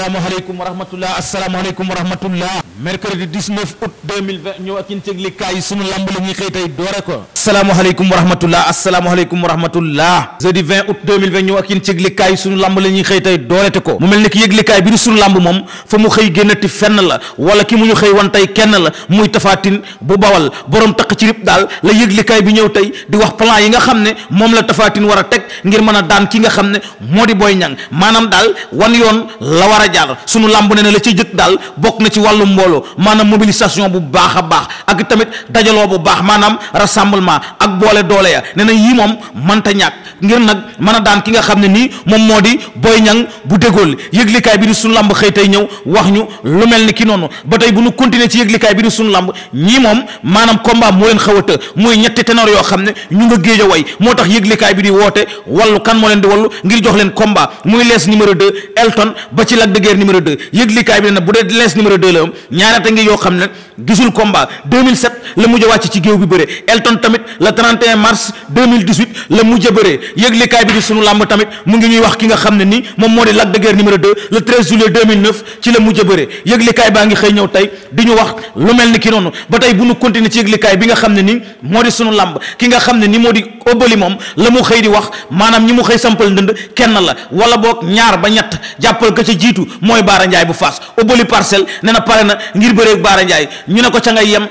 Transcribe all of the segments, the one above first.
asalaamaaleykum wa rahmatulah asalaamaaleykum wa rahmatulah. ñëw ak yéen ci yëglikaay yi sunu lamb la ñuy xëy tey doore ko. la ñuy xëy tey doorete ko. mu mel ni ki yëglikaay bi di sunu lamb moom fa mu xëy génnati fenn la wala ki mu ñu xëy wan kenn la muy tafaatin bu bawal borom taq ci rib daal la yëglikaay bi ñëw tey di wax plan yi nga xam ne moom la tafaatin war a teg ngir mën a daan ki nga xam ne moo di Boy Niang maanaam daal wan yoon la war a jaar sunu làmb ne ne la ci jëkk daal bokk na ci wàllu mbooloo maanaam mobilisation bu baax a baax ak tamit dajaloo bu baax maanaam rassemblement ak boole doole ya ne na yii moom mënta ñàkk ngir nag man a daan ki nga xam ne nii moom moo di Boy Niang bu dégool yëglikaay bi di suñu làmb xëy tey ñëw wax ñu lu mel ni ki noonu ba tey bu ñu continuer ci yëglikaay bi di sunu làmb ñii moom maanaam combat xaw a të muy ñetti yoo xam ne ñu nga géej a wallu kan moo leen di wallu ngir jox leen combat muy lees numéro 2 Elton ba ci Lac de Guiers numéro 2 yëglikaay bi ne na bu dee lees numéro 2 la am ñaarata ngi yoo xam ne gisul combat la mujj wàcc ci géew bi bëre Elton tamit le 31 mars la mujj a bëre yëglekaay bi di sunu làmb tamit mu ngi ñuy wax ki nga xam ne nii moom moo di Lac de Guiers numéro 2 le 13 juillet 2009 ci la mujj a bëre yëglekaay baa ngi xëy ñëw di ñu wax ki nga xam ne nii moo di sunu làmb ki nga xam ne nii moo di Obali moom la mu xëy di wax maanaam ñi mu xëy sampal ndënd kenn la wala boog ñaar ba ñett jàppal ka jiitu mooy Baara njaay bu Faas Obali parcelle nee na pare na ngir bëreeg Baara Ndiaye ñu ko ca ngay yem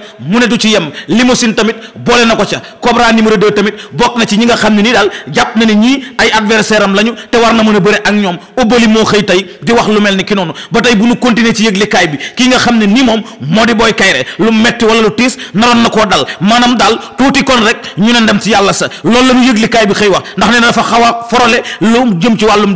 ci yem limousine tamit boole na ko ca Cobra numéro 2 tamit bokk na ci ñi nga xam ne nii daal jàpp na ne ñii ay adversaire lañu te war na mën a bëre ak ñoom ubbali moo xëy tey di wax lu mel ni ki noonu ba tey bu ñu continuer ci yëglekaay bi ki nga xam ne nii moom moo di booy kayre lu metti wala lu tiis naroon na koo dal maanaam daal tuuti kon rek ñu ne ndem ci yàlla sa loolu la ñu yëglekaay bi xëy wax ndax nee na dafa xaw a forole lu jëm ci wàllum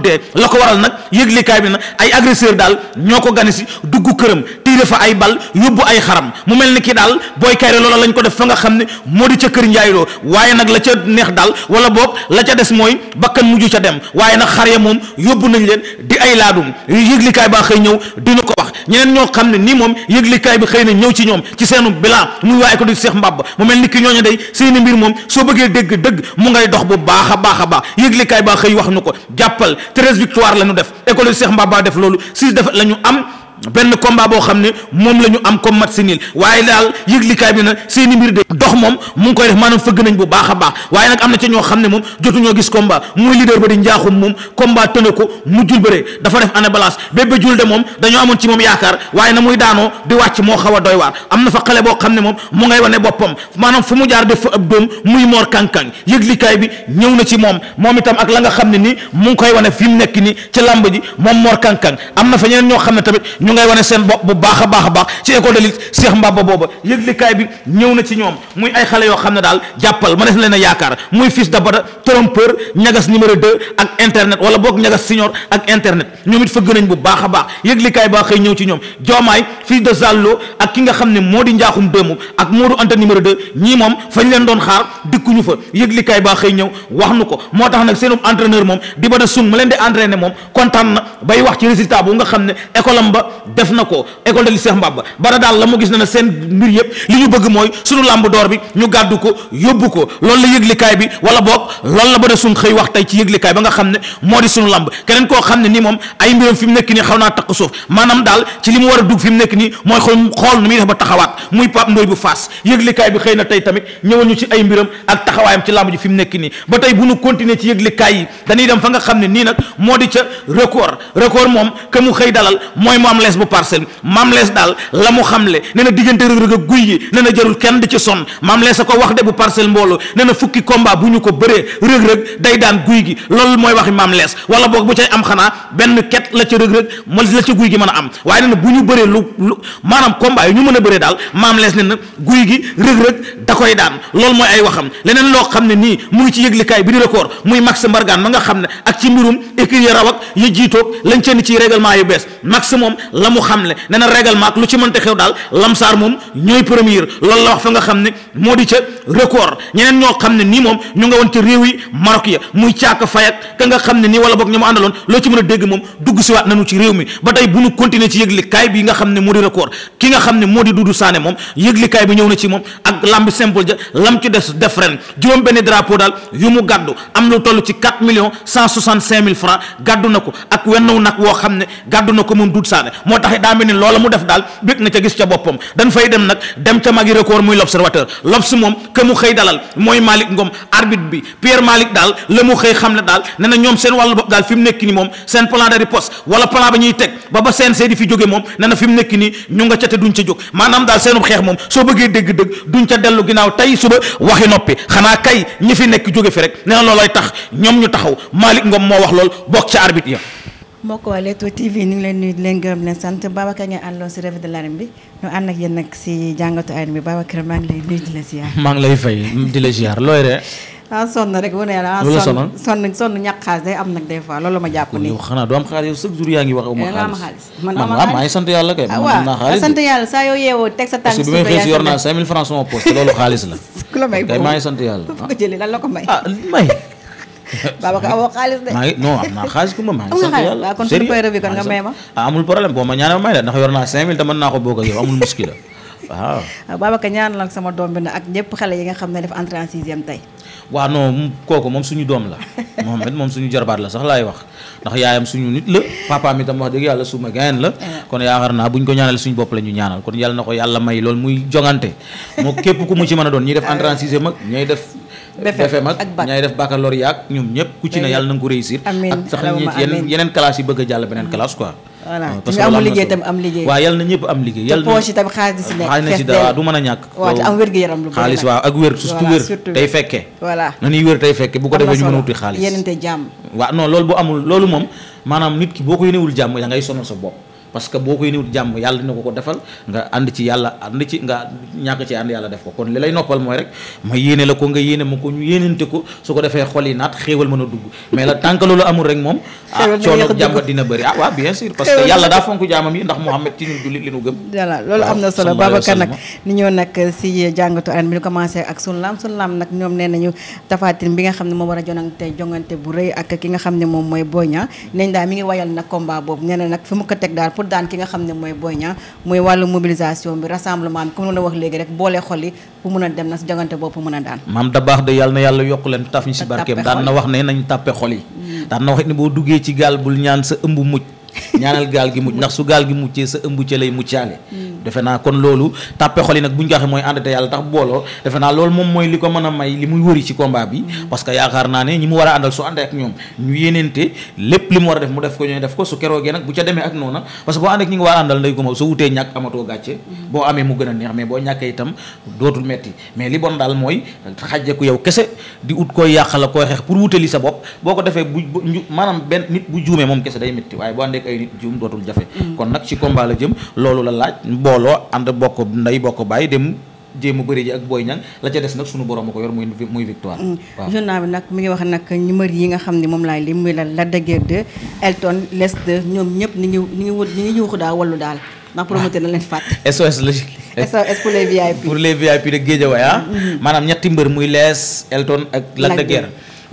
loola lañ ko def fa nga xam ne moo di ca kër njaayloo waaye nag la ca neex daal wala boog la ca des mooy bakkan mujj ca dem waaye nag xar ya moom yóbbu nañ leen di ay laadum yëglikaay baa xëy ñëw du dina ko wax ñeneen ñoo xam ne nii moom yëglikaay bi xëy na ñëw ci ñoom ci seenu bilaa muy waaye ko di seex mbàbb mu mel ni ki ñooñu day seeni mbir moom soo bëggee dégg dëgg mu ngay dox bu baax a baax a baax yëglikaay baa xëy wax nu ko jàppal treize victoire la ñu def école di seex def loolu si def la ñu am benn combat boo xam ne moom la ñu am comme match nul waaye daal yëglikaay bi nag seen mbir de dox moom mu ngi koy def maanaam fëgg nañ bu baax a baax waaye nag am na ca ñoo xam ne moom moom combat tëne ko mujjul bëre dafa def ana balance bébé jul moom dañoo amoon ci moom yaakaar waaye na muy daanoo di wàcc moo a doy xam ne moom mu ngay wane boppam maanaam fu mu jaar def fa ab doom muy moor kànkang yëglikaay bi ñëw na ci moom moom itam ak la nga xam ne nii mu ngi koy wane fi mu nekk nii ci làmb ji moom moor kànkang am na fa ñeneen ñoo xam ne tamit ñu ngay wane seen bopp bu baax a baax a baax ci école de lutte Cheikh Mbaba booba yëglikaay bi ñëw na ci ñoom muy ay xale yoo xam ne daal jàppal ma des leen a yaakaar muy fils de bada trompeur ñagas numéro 2 ak internet wala boog ñagas signor ak internet ñoom it fëgg nañ bu baax a baax yëglikaay baa xëy ci ñoom joomaay fils de zallo ak ki nga xam ne moo di njaaxum déemu ak moodu ante numéro de ñii moom fañ leen doon xaar dikkuñu fa yëglikaay baa xëy ñëw wax nu ko moo tax nag seenum entraîneur moom di ba sung ma leen di entraîner moom kontaan na bay wax ci résultat bu nga xam ne école am ba def na ko école de li Cheikh Mbaba bara daal la mu gis na ne seen mbir yëpp li ñu bëgg mooy suñu làmb door bi ñu gàddu ko yóbbu ko loolu la yëglikaay bi wala boog loolu la ba de suñ xëy wax tey ci yëglikaay ba nga xam ne moo di suñu làmb keneen koo xam ne nii moom ay fi mu nekk nii xaw naa taq suuf maanaam daal ci li mu war a dugg fi mu nekk nii mooy xool xool nu muy def ba taxawaat muy Pape Ndoye bu Fass yëglikaay bi xëy na tey tamit ñëwal ñu ci ay mbiram ak taxawaayam ci làmb ji fi mu nekk nii ba tey bu ñu continuer ci yëglikaay yi dañuy dem fa nga xam ne nii nag moo di ca record record moom ke mu xëy dalal mooy mu am lees bu parcelle bi maam lees daal la mu xamle ne na diggante rëg-rëg ak guy yi ne na kenn di ci sonn maam lees a ko wax de bu parcelle mbooloo ne fukki combat bu ñu ko bëree rëg-rëg day daan guy gi loolu mooy waxi maam lees wala boog bu cay am xanaa benn ket la ca rëg-rëg ma la ca guy gi mën a am waaye ne na bu ñu bëree lu lu maanaam combat yi ñu mën a bëree daal maam lees ne na guy gi rëg-rëg da koy daan loolu mooy ay waxam leneen loo xam ne nii mu ngi ci yëglikaay bi di record muy Max Mbargane ma nga xam ne ak ci mbirum écurie raw ak ya jiitoog lañ ceen ciy règlement yu bees la mu xam ne nee na règlement lu ci mënta xew daal lamsaar moom ñooy premier loolu la wax fa nga xam ne moo di ca record ñeneen ñoo xam ne nii moom ñu nga woon ca réew yi Maroc ya muy caaka fayat ka nga xam ne nii wala boog ña mu àndaloon loo ci mën a dégg moom dugg si waat nañu ci réew mi ba tey bu ñu continuer ci yëgle bi nga xam ne moo di record ki nga xam ne moo di Doudou Sané moom yëgle kaay bi ñëw na ci moom ak lambi simple ja lam ci des def ren juróom benn drapeau daal mu gàddu am lu toll ci 4 millions 165 mille francs gàddu na ko ak wennaw nag woo xam ne gàddu na ko moom Doudou Sané moo tax daa mel ni loola mu def daal bég na ca gis ca boppam dañ fay dem nag dem ca magi record muy l'observateur lobs moom ke mu xëy dalal mooy malik Ngom arbitre bi Pierre Malick daal la mu xëy xam ne daal ne na ñoom seen wàll bopp daal fi mu nekk ni moom seen plan de riposte wala plan ba ñuy teg ba ba CNG di fi jóge moom ne na fi mu nekk nii ñu nga ca te duñ ca jóg maanaam daal seenub xeex moom soo bëggee dégg-dëgg duñ ca dellu ginnaaw tey suba waxi noppi xanaa kay ñi fi nekk jóge fi rek ne na loolooy tax ñoom ñu taxaw Malick Ngom moo wax lool bokk ca arbitre ya mbokk waa Leewtoo TV ñu ngi leen nuyu gërëm leen sant Babacar ngeen àndoon si revue de l'arène bi ñu ànd ak yéen nag si jàngatu arène bi Babacar maa la ziar. maa ngi lay fay di la ziar looy de. ah na ah. sonn ah, sonn sonn ñàkk xaalis day am nag sant yàlla kay. Ah, man am sant yàlla saa yoo yeewoo teg sa tànk. parce que bi may xëy francs sama poche loolu xaalis la. ku la may boobu kay maa ngi sant yàlla. ko la may ah, Babacar amoo xaalis de. maa ngi non am naa xaalis kumba maa ngi nga may ma. ah amul problème boo ma ñaanal may la ndax yor naa 5000 te mën naa ko bokk ak yow amul muskil la waaw. Babacar sama doom bi nag ak ñëpp xale yi nga xam ne def entrée en sixième moom suñu doom la moom it moom suñu jarbaat la sax laay wax ndax yaayam suñu nit la papa mi tam wax dëgg yàlla suma gayen la eh. kon yaakaar ko ñaanal suñu bopp la ñu ñaanal kon yàlla na ko yàlla may loolu muy jongante moo képp ku mu ci mën a doon ñuy def entrée en sixième ak ñooy def BFM ak ñaay def baccalauréat ak ñoom ñëpp ku ci ne yàlla na nga ko réussir ak sax yeneen yeneen classe yi bëgg a jàll beneen classe quoi voilà euh, parce que amul liggéey tam am liggéey yàlla na ñëpp am liggéey yàlla poche yi xaalis di si a ñàkk wér gu yaram lu wér tey fekke na ñuy wér tey fekke bu ko defee ñu mën a wuti xaalis yenente jàmm waaw non loolu bu amul loolu moom maanaam nit ki boo ko yénewul jàmm da ngay sonal sa bopp parce que boo koy niwut jàmm yàlla dina ko ko defal nga ànd ci yàlla ànd ci nga ñàkk ci ànd yàlla def ko kon li lay noppal mooy rek ma yéene la ko nga yéene ma ko ñu yéenante ko su ko defee xol yi mën a dugg mais la tànk loolu amul rek moom ah coono ah ci ñun jullit li nu gëm voilà loolu am na solo Babacar laam nag ñoom nee nañu tafaatin bi nga xam ne moom war a jonante jongante bu rëy ak ki nga xam ne moom mooy Boy Niang daal mi ngi wayal nag pour daan ki nga xam ne mooy Boy Niang mooy wàllu mobilisation bi rassemblement bi comme noonu la wax léegi rek boolee xol yi bu mun a dem na si jogante boobu mën a daan maam da baax de yàlla na yàlla yokku leen taf ñu si barkeem daan na wax ne nañu tàppe xol yi mm. daan na wax ne boo duggee ci gaal bul ñaan sa ëmb mucc ñaanal gaal gi mucc ndax su gaal gi muccee sa ëmb ca lay muccaale mm. defe naa kon loolu tàppe xol yi nag bu ñu ko waxee mooy ànd te yàlla tax booloo defe naa loolu moom mooy li ko mën a may li muy wëri ci combat bi mm. parce que yaakaar naa ne ñi mu war a àndal su àndee ak ñoom ñu yénente lépp li mu war a def mu def ko su keroogee nag bu ca demee ak noona parce que boo ànd ak ñi nga war a àndal nday ko ma su wutee ñàkk amatoo gàcce mm. boo amee mu gën a neex mais boo ñàkkee itam dootul metti mais li bon daal mooy xajjeku yow kese di booloo ànd bokk nday bokk bàyyi dem jéem a bëri ji ak Boy Niang la ca des nag sunu borom a ko yor muy muy victoire. Mm. waaw journal bi nag mi ngi wax nag numéro yi nga xam ni moom laay lim muy la Lac de Guiers 2 Elton Les 2 ñoom ñëpp ñu ngi ñu ngi wut ñu ngi yuuxu daal wallu daal. ndax promoteur na leen fàtte. SOS la SOS pour les VIP. pour les VIP de Guédiawaye ah. Mm-hmm. maanaam ñetti mbër muy lees Elton ak. Lac de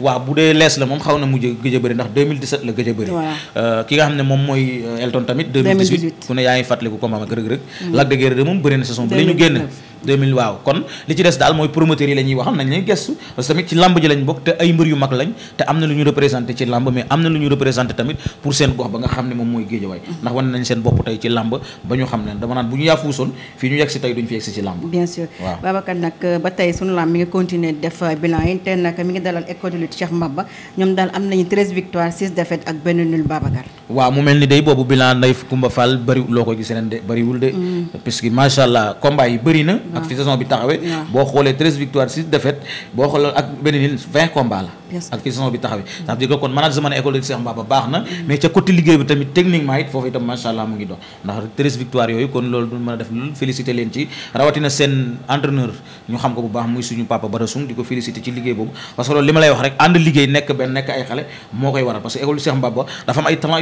waaw bu dee lees la moom xaw na mujj gëj a bëri ndax 2017 la gëj a bëri euh, ki nga xam ne moom mooy euh, Elton tamit 2018 ku ne yaa ngi fàttaliku combat ak Reug Reug mm. Lac de Guiers de moom bëri na saison bi la génn deux 2000 waaw kon li ci des daal mooy promoteurs yi la ñuy wax xam nañ leen gestu parce que tamit ci lamb ji lañ bokk te ay mbër yu mag lañ te am na lu ñu représenté ci lamb mais na lu ñu représenté tamit pour seen gox ba nga ne moom mooy géejawaay ndax wane nañ seen bopp tey ci lamb ba ñu xam ne dama naan bu ñu yaafuusoon fii ñu yegg si tey duñ fi yegg si ci lamb bien sûr waaw Babacar nag ba tey sunu lamb mi ngi continuer def euh, bilan yi te nag mi ngi dalal école de lutte Cheikh Mbaba ñoom daal am nañu 13 victoires 6 défaites ak benn nul Babacar waaw mu mel ni day boobu bilan Ndeye kumba Fall bëriwul loo koy gis ren de bëriwul de. Mm. puisque macha allah combat yi bëri na. ak fi saison bi taxawee. boo xoolee treize victoires six défaites boo xoolal ak benn nil vingt la. ak fi bi taxawee ça veut dire que kon management école de Cheikh Mbaba baax na mais ca côté liggéey bi tamit techniquement it foofu itam macha allah mu ngi dox ndax treize victoire yooyu kon loolu du mën a def loolu félicité leen ci rawatina seen entraîneur ñu xam ko bu baax muy suñu papa Badasung di ko félicité ci liggéey boobu parce loolu li ma lay wax rek ànd liggéey nekk benn nekk ay xale moo koy waral parce que école de Cheikh dafa am ay talent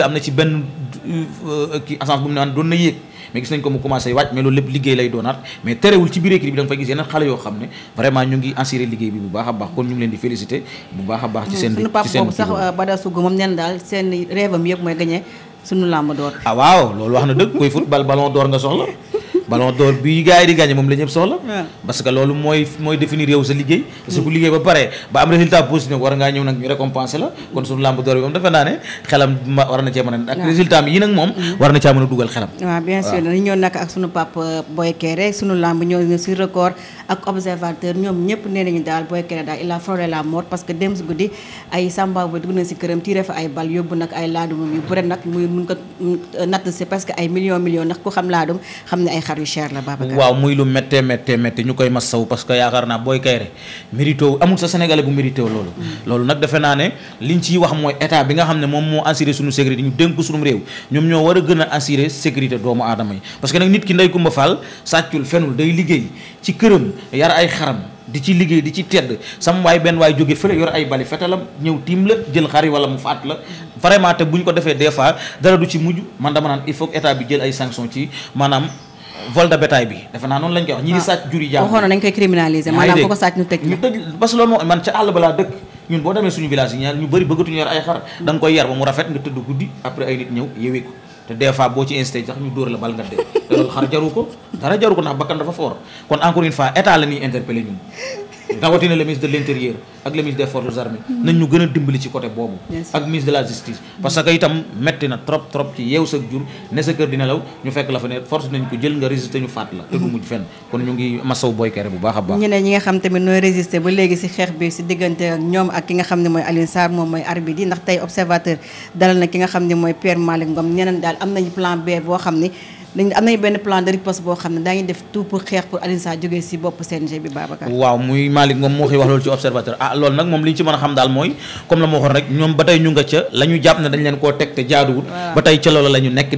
a baax benn euh, kii assance bu mu ne an doon na yéeg mais gis nañ ko mu commencé wàcc mais lépp liggéey lay doonaat mais terewul ci biir équipe bi da nga gis yeneen xale yoo xam ne vraiment ñu ngi assuré liggéey bi bu baax a baax kon ñu ngi leen di félicité bu baax a baax ci seen suñu pap boobu euh, daal seen rêve am mooy gagné suñu làmb d'or ah waaw loolu wax na dëgg koy football ballon d'or nga soxla ballon d'or bi gars yi di gagné moom la ñëpp soxla parce loolu mooy mooy définir sa liggéey parce ku liggéey ba pare ba am résultat positif nag war ngaa ñëw nag ñu récompenser la kon suñu lamb d'or bi moom defe naa xelam war na cee mën mm-hmm. na caa xelam waaw bien sûr dañu ñëw nag euh, si record ak observateur ñoom ñëpp nee nañu daal Boy daal il a la mort parce que dem si guddi ay samba dugg na si këram tiré fa ay bal yóbbu nag ay laadum yu yu cher la Babacar. waaw muy lu méttee méttee méttee ñu koy masawu parce que yaakaar naa Boy Kaïré mérité amul sa sénégalais bu mérité loolu. Mm. loolu nag defe naa ne liñ ciy wax mooy état bi nga xam ne moom moo assuré suñu sécurité ñu dénk suñu réew ñoom ñoo war a gën a assuré sécurité doomu aadama yi parce que nag nit ki ndey Kumba Fall sàccul fenul day liggéey ci këram yar ay xaram. di ci liggéey di ci tedd sam waay benn waay jóge fële yor ay bali fetalam ñëw tiim la jël ko defee des fois dara ci mujj man dama naan il bi jël ay vol de bétail bi defe naa noonu lañ koy wax ñi di ah. sàcc jur yi jàmm waxoon nañ koy criminaliser maanaam ko ko sàcc ñu tëj ñu tëj parce loolu man ca àll ba laa dëkk ñun boo demee suñu village yi ñaar ñu bëri bëggatuñu yor ay xar da koy yar ba mu rafet nga tëdd guddi après ay nit ñëw yewee ko te des fois boo ci incité sax ñu dóor la bal nga xar jaru ko dara jaru ko ndax bakkan dafa foor kon encore une fois état la ñuy interpellé ñun rawatina le de l' ak le ministre des forces armées mm. gën a dimbali ci côté boobu ak ministre de la justice parce que itam metti na trop trop ci yeew sa jur ne sa kër dina law ñu fekk la fa ne force nañ ko jël nga résister ñu faat la te du mujj fenn kon ñu ngi masaw boykare bu baax a baax ñeneen ñi nga xam tamit nooy résister ba léegi si xeex bi si diggante ñoom ak ki nga xam ne mooy Alioune Sarr moom mooy arbitre yi ndax tey observateur dalal na dañ am nañu benn plan de riposte boo xam ne daañu def tout xeex pour Alioune Sarr si bopp CNG bi Babacar waaw muy Malick moom moo koy wax loolu ci observateur ah loolu nag moom a xam daal mooy comme la ma waxoon rek ñoom ba tey ñu la ñu jàpp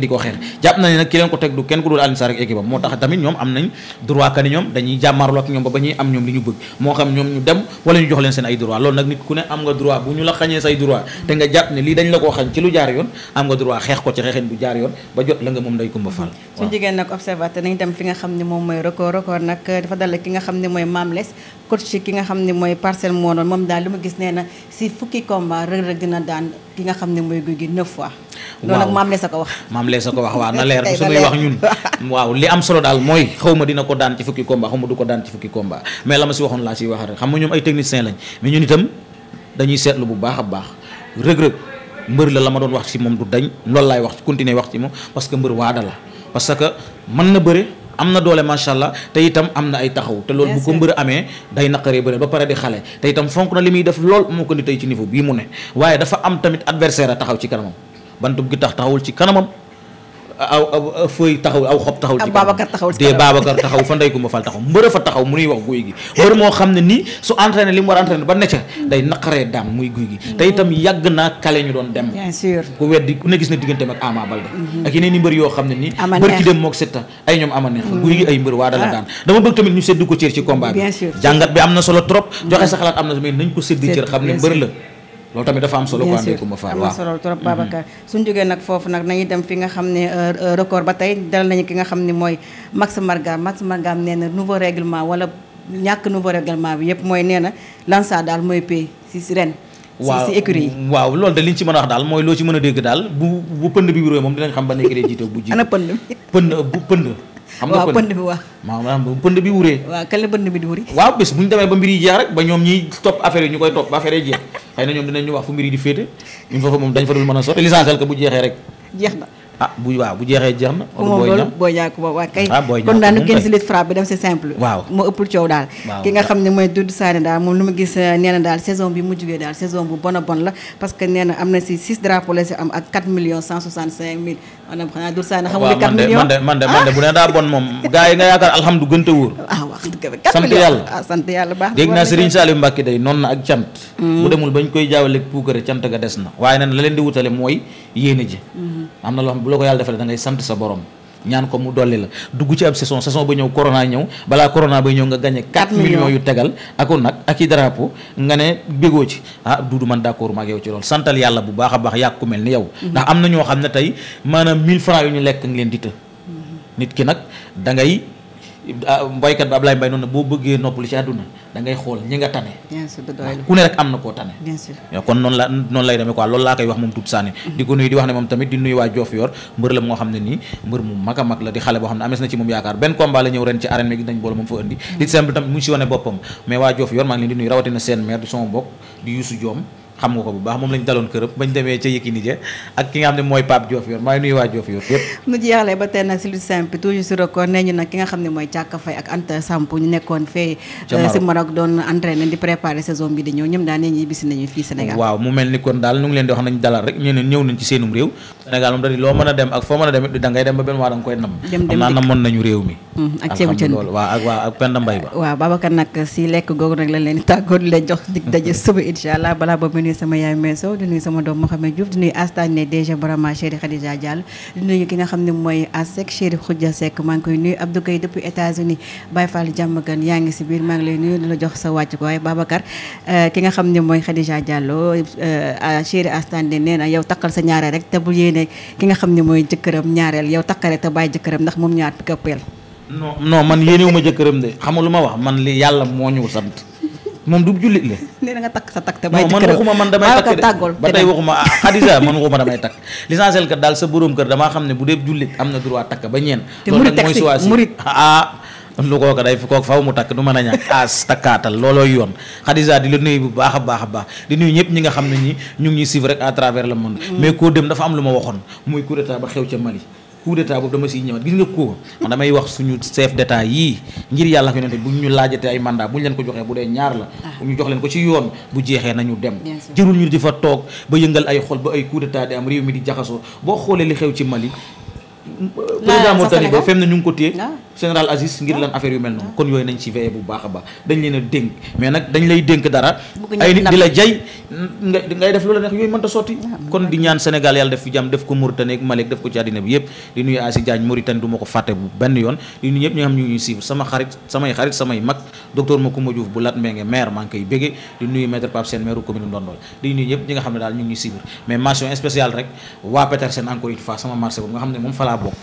di ko xeex na ne nag ki leen ko teg du kenn ku dul Alioune Sarr ak équipe am moo tax am nañ droit kani ñoom dañuy jàmmaarloo ak ñoom ba ba ay droit loolu lii dañ la koo jaar yoon am nga droit xeex ko ci xeexin bu jaar yoon moom day kumba fal su jigéen nag observateur nañ dem fi nga xam ne moom mooy record record nag dafa dal ki nga xam ne mooy Mamles coach ki nga xam ne mooy parcelle moo doon moom daal li ma gis nee na si fukki combat Reug Reug dina daan ki nga xam ne mooy guy gi neuf fois loolu nag Mamles a wax maam a ko wax waaw na leer suñuy wax ñun waaw li am solo daal mooy xaw ma dina ko daan ci fukki combat xaw ma du ko daan ci fukki combat mais la ma si waxoon laa si waxaat rek xam nga ñoom ay technicien dañuy seetlu bu a baax Reug Reug mbër la la ma doon wax ci moom du dañ loolu laay wax continuer wax ci moom parce que mbër waada la parce que mën na bëre am na doole macha allah te itam am na ay taxaw te lool bu ko mbër amee day naqaree bëre ba pare di xale te itam fonk na li muy def lool moo ko ni tey ci niveau bii mu ne waaye dafa am tamit adversaire a taxaw ci kanamam bant gi tax taxawul ci kanamam aw fëy taxaw aw xob taxaw. ak Babacar taxaw ci Babacar taxaw fa ndey ko ma fal taxaw mbër fa taxaw mu nuy wax guy gi. mbër moo xam ne nii su entraîné li mu war a ba ne day naqaree daam muy guy gi. te itam yàgg naa kale ñu doon dem. ku weddi ku ne gis na digganteem ak Ama Balde. Mhm. ak yeneen i mbër yoo xam ne nii. mbër ki dem moog Siteu ay ñoom ama mhm. guy gi ay mbër waa dala ah. daan dama bëgg tamit ñu séddu ko cër ci combat jàngat bi am na solo trop. Mhm. joxe loolu tamit dafa am solo quoi Ndeye Coumba solo trop mm-hmm. Babacar suñ jógee nag foofu nag nañuy dem fi nga xam ne euh, euh, record ba tey dalal nañu ki nga xam ni mooy Max Margam Max Margam nee na nouveau règlement wala ñàkk nouveau règlement bi yëpp mooy nee na Lansar daal mooy pay si ren waaw si waaw loolu de li ñu ci mën a wax daal mooy loo ci mën a dégg daal bu bu pënd bi moom dinañ xam ban écurie jiite bu jiite ana pënd bi pënd bu pënd xam nga pënd bi bi wuree waaw kan la bi di wuri waaw bés ba mbir yi jeex rek ba ñoom ñiy topp affaire yi ñu koy topp ba affaire jeex xëy na ñoom dinañu wax fu mbir yi di féete ñun foofu moom dañ fa dul mën a sotti l'essentiel que bu jeexee rek jeex na ah bu jeexee jeex na. kon booy ña booy ña ko waaw kay. Ah, kon daal génn si lutte frappe bi dem si simple. waaw moo ëppul coow daal. ki nga xam ne mooy Doudou Sané daal moom lu ma gis eh, nee daal saison bi mu jugee daal saison bu bon a bon la parce que nee am na si 6 drapeaux la si am ak 4 millions 165 mille maanaam xanaa Doudou Sané xamul ne 4 man de man de man de bu ne ah, ah, ak cant. Mm. bu demul bañ koy jaawale puukare cant ga des na la ko yàlla defalee da ngay sant sa borom ñaan ko mu dolli la dugg ci ab saison ba ñëw corona ñëw balaa corona ba ñëw nga gagné 4 millions yu tegal aku nag ak i drapeau nga ne bégoo ci ah duudu man d'accord maag yow ci loolu santal yàlla bu baax a baax yàgg mel ni yow mhm. ndax am na ñoo xam ne tey maanaam 1000 francs yu ñu lekk leen di mhm. nit ki nag da Ah, mbaykat bi Ablaye Mbaye noonu boo bëggee noppalu ci àdduna da xool ñi nga tane. ku ne rek am na koo tane. kon noonu la noonu lay demee loolu laa koy wax moom Doudou Sané. Mm-hmm. di ko nuyu di wax ne moom tamit di nuyu waa Diofior mbër mbër la ñëw ren ci arène bi gis nañ boole moom fa indi. Mm-hmm. li simple tamit mu si wane boppam mais waa Diofior maa ngi leen di nuyu rawatina seen maire di sama mbokk di Youssou Diom xam nga ko bu baax moom lañ daloon kërëm bañ demee ca Yékini ja ak ki nga xam ne mooy Pape Diouf yor maa ngi nuyu waa Diouf yor nu jeexalee ba tey nag lu simple toujours si record nee ñu nag ki nga xam ne mooy Thiaka Faye ak Anta Samp ñu nekkoon fee euh, si Maroc doon entraîné di préparer saison bi di ñëw ñoom daal nee bisi nañu fii Sénégal waaw mu mel ni kon daal ñu ngi leen di wax nañ dalal rek ñeneen ñëw nañ ci seenum réew Sénégal moom dañuy loo mën a dem ak foo mën a dem da ngay dem ba benn waa da nga koy nam. xam naa namoon nañu réew mi. Mm, ak ceebu jën loolu waaw ak waaw ak Penda Mbaye ba. waaw Babacar nag si lekk googu nag lañ leen di leen jox dig daje suba incha allah balaa boobu ma nuyu sama yaay Meso di nuyu sama doom Mouhamed Diouf di nuyu Asta ne déjà vraiment chéri Khadija Diallo di nuyu ki nga xam ne mooy Asek chéri Khoudia Seck maa ngi koy nuyu Abdou Gueye depuis États-Unis Baye di eh, ne mooy Khadija Diallo eh, ah, sa ñaare yéene ki nga xam ne mooy jëkkëram ñaareel yow takkare te bàyyi jëkkëram ndax moom ñaar pikapeel non non man yéenewuma jëkkëram de xam ma wax man li yàlla moo ñu sant moom du jullit la nee na nga takk sa takk te bàyyi jëkkëram man waxuma man damay takk tàggool ba tey waxuma ah, Khadija man waxuma damay takk l'essentiel kat daal sa borom kër damaa xam ne bu dee jullit am na droit takk ba ñeen te murit teg si murit ah, lu kooka day fi kook faw mu takk du mën a ñàkk as takkaatal loolooy yoon Khadija di la nuyu bu baax a baax a baax di nuyu ñëpp ñi nga xam ne ñi ñu ngi ñuy suivre rek à travers le mm. mais ko dem dafa am lu ma waxoon muy coup d'état ba xew ca Mali coup d'état boobu dama siy ñëwaat gis nga ko man damay wax suñu chef d'état yii ngir yàlla ko yonente bu ñu laajatee ay mandat bu ñu leen ko joxee bu dee ñaar la ah. ñu jox leen ko ci yoon bu jeexee nañu dem jërul ñu di fa toog ba ay xol ba ay coup d'état di am di jaxasoo boo li xew ci Mali président Mauritanie ba ko téye ah. général Aziz ngir lan ah. affaire yu mel noonu ah. kon yooyu nañ ci veillé bu baax a dañ leen dénk mais nag dañ lay dénk dara ay nit di la jay ngay def lu la neex yooyu mënta sotti kon di ñaan Sénégal yàlla def ko Mauritanie ak Mali def ko ci àddina bi yëpp di nuyu Asi Diagne Mauritanie du ma ko fàtte bu benn yoon di nuyu ñëpp ñu nga xam ne daal ñu ngi ñuy mais mention spéciale rek waa Petersen encore une fois sama marché boobu nga xam ne laa